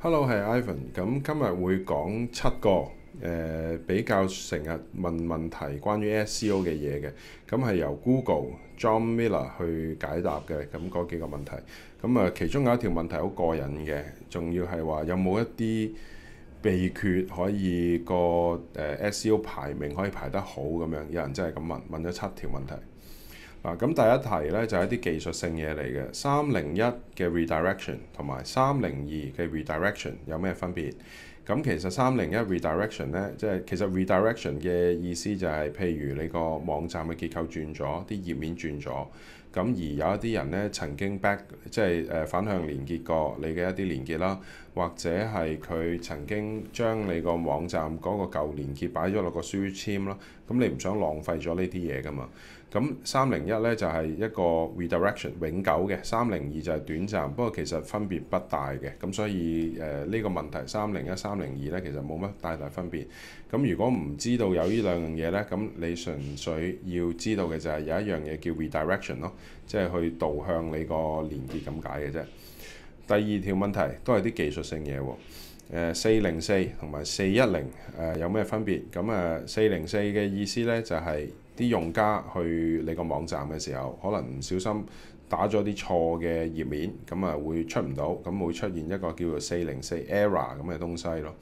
Hello，係 Ivan。咁今日會講七個誒、呃、比較成日問問題關於 SEO 嘅嘢嘅，咁、嗯、係由 Google John Miller 去解答嘅。咁、嗯、嗰幾個問題，咁、嗯、啊其中有一條問題好過癮嘅，仲要係話有冇一啲秘訣可以個誒 SEO 排名可以排得好咁樣？有人真係咁問，問咗七條問題。嗱，咁第一題咧就係一啲技術性嘢嚟嘅，三零一嘅 redirection 同埋三零二嘅 redirection 有咩分別？咁其實三零一 redirection 咧，即係其實 redirection 嘅意思就係，譬如你個網站嘅結構轉咗，啲頁面轉咗。咁而有一啲人咧曾經 back 即係誒反向連結過你嘅一啲連結啦，或者係佢曾經將你個網站嗰個舊連結擺咗落個書簽咯。咁你唔想浪費咗呢啲嘢噶嘛？咁三零一咧就係一個 redirection 永久嘅，三零二就係短暫。不過其實分別不大嘅，咁所以誒呢個問題三零一三零二咧其實冇乜太大分別。咁如果唔知道有呢兩樣嘢咧，咁你純粹要知道嘅就係有一樣嘢叫 redirection 咯。即係去導向你個連結咁解嘅啫。第二條問題都係啲技術性嘢喎。誒四零四同埋四一零誒有咩分別？咁啊四零四嘅意思呢，就係啲用家去你個網站嘅時候，可能唔小心打咗啲錯嘅頁面，咁啊會出唔到，咁會出現一個叫做四零四 error 咁嘅東西咯。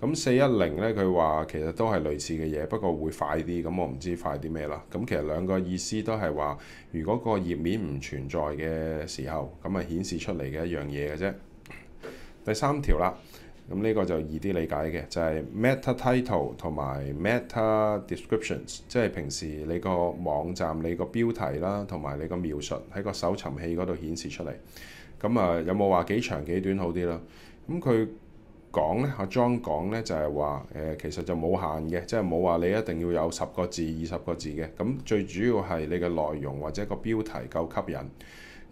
咁四一零咧，佢話其實都係類似嘅嘢，不過會快啲。咁我唔知快啲咩啦。咁其實兩個意思都係話，如果個頁面唔存在嘅時候，咁咪顯示出嚟嘅一樣嘢嘅啫。第三條啦，咁呢個就易啲理解嘅，就係 meta title 同埋 meta descriptions，即係平時你個網站你個標題啦，同埋你個描述喺個搜尋器嗰度顯示出嚟。咁啊，有冇話幾長幾短好啲啦？咁佢講咧，阿莊講咧就係、是、話，誒、呃、其實就冇限嘅，即係冇話你一定要有十個字、二十個字嘅。咁最主要係你嘅內容或者個標題夠吸引。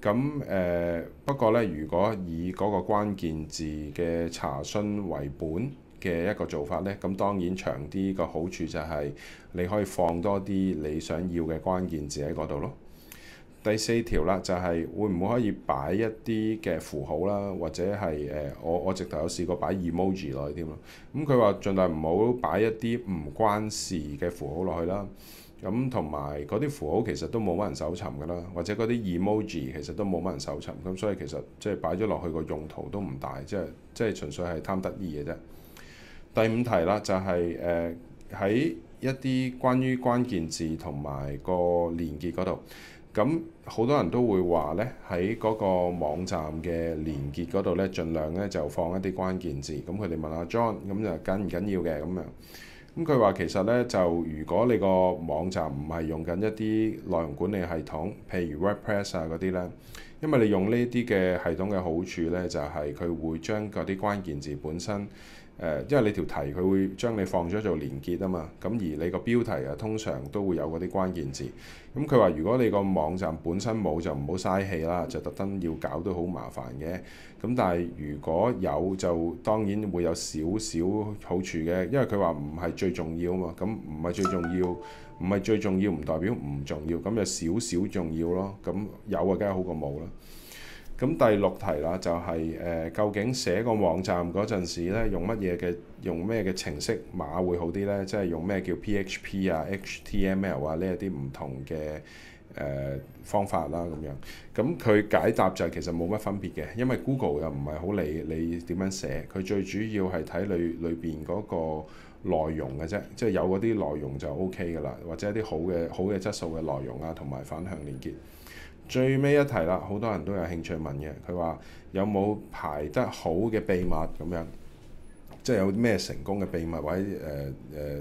咁誒、呃、不過咧，如果以嗰個關鍵字嘅查詢為本嘅一個做法咧，咁當然長啲個好處就係你可以放多啲你想要嘅關鍵字喺嗰度咯。第四條啦，就係會唔會可以擺一啲嘅符號啦，或者係誒我我直頭有試過擺 emoji 落去添咯。咁佢話盡量唔好擺一啲唔關事嘅符號落去啦。咁同埋嗰啲符號其實都冇乜人搜尋㗎啦，或者嗰啲 emoji 其實都冇乜人搜尋。咁所以其實即係擺咗落去個用途都唔大，即係即係純粹係貪得意嘅啫。第五題啦，就係誒喺一啲關於關鍵字同埋個連結嗰度。咁好多人都會話呢，喺嗰個網站嘅連結嗰度呢，盡量呢就放一啲關鍵字。咁佢哋問阿 John，咁就緊唔緊要嘅咁樣。咁佢話其實呢，就如果你個網站唔係用緊一啲內容管理系統，譬如 WordPress 啊嗰啲呢，因為你用呢啲嘅系統嘅好處呢，就係佢會將嗰啲關鍵字本身。因為你條題佢會將你放咗做連結啊嘛，咁而你個標題啊，通常都會有嗰啲關鍵字。咁佢話如果你個網站本身冇就唔好嘥氣啦，就特登要搞都好麻煩嘅。咁但係如果有就當然會有少少好處嘅，因為佢話唔係最重要啊嘛。咁唔係最重要，唔係最重要唔代表唔重要，咁就少少重要咯。咁有啊，梗係好過冇囉。咁第六題啦，就係、是、誒、呃，究竟寫個網站嗰陣時咧，用乜嘢嘅，用咩嘅程式碼會好啲呢？即係用咩叫 PHP 啊、HTML 啊呢一啲唔同嘅誒、呃、方法啦、啊、咁樣。咁、嗯、佢解答就係、其實冇乜分別嘅，因為 Google 又唔係好理你點樣寫，佢最主要係睇裏裏邊嗰個內容嘅啫，即係有嗰啲內容就 OK 㗎啦，或者一啲好嘅好嘅質素嘅內容啊，同埋反向連結。最尾一題啦，好多人都有興趣問嘅。佢話有冇排得好嘅秘密咁樣，即係有咩成功嘅秘密或者誒誒、呃呃，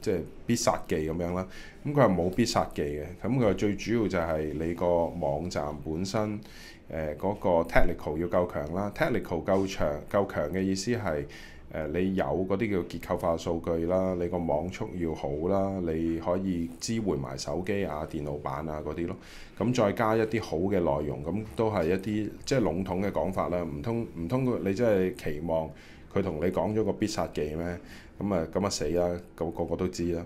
即係必殺技咁樣啦。咁佢話冇必殺技嘅，咁佢最主要就係你個網站本身誒嗰、呃那個 technical 要夠強啦，technical 夠長夠強嘅意思係。誒，你有嗰啲叫結構化數據啦，你個網速要好啦，你可以支援埋手機啊、電腦版啊嗰啲咯，咁再加一啲好嘅內容，咁都係一啲即係籠統嘅講法啦。唔通唔通，你真係期望？佢同你講咗個必殺技咩？咁啊，咁啊死啦！個個個都知啦。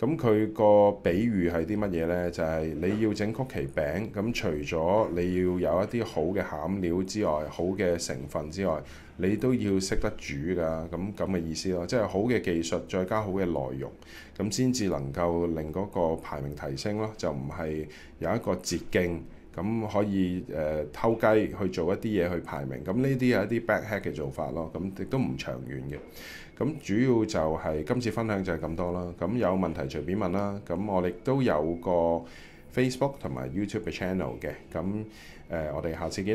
咁佢個比喻係啲乜嘢呢？就係你要整曲奇餅，咁除咗你要有一啲好嘅餡料之外，好嘅成分之外，你都要識得煮㗎。咁咁嘅意思咯，即係好嘅技術，再加好嘅內容，咁先至能夠令嗰個排名提升咯。就唔係有一個捷徑。咁可以誒、呃、偷雞去做一啲嘢去排名，咁呢啲係一啲 back hack 嘅做法咯，咁亦都唔長遠嘅。咁主要就係、是、今次分享就係咁多啦。咁有問題隨便問啦。咁我哋都有個 Facebook 同埋 YouTube 嘅 channel 嘅。咁誒、呃、我哋下次見啦。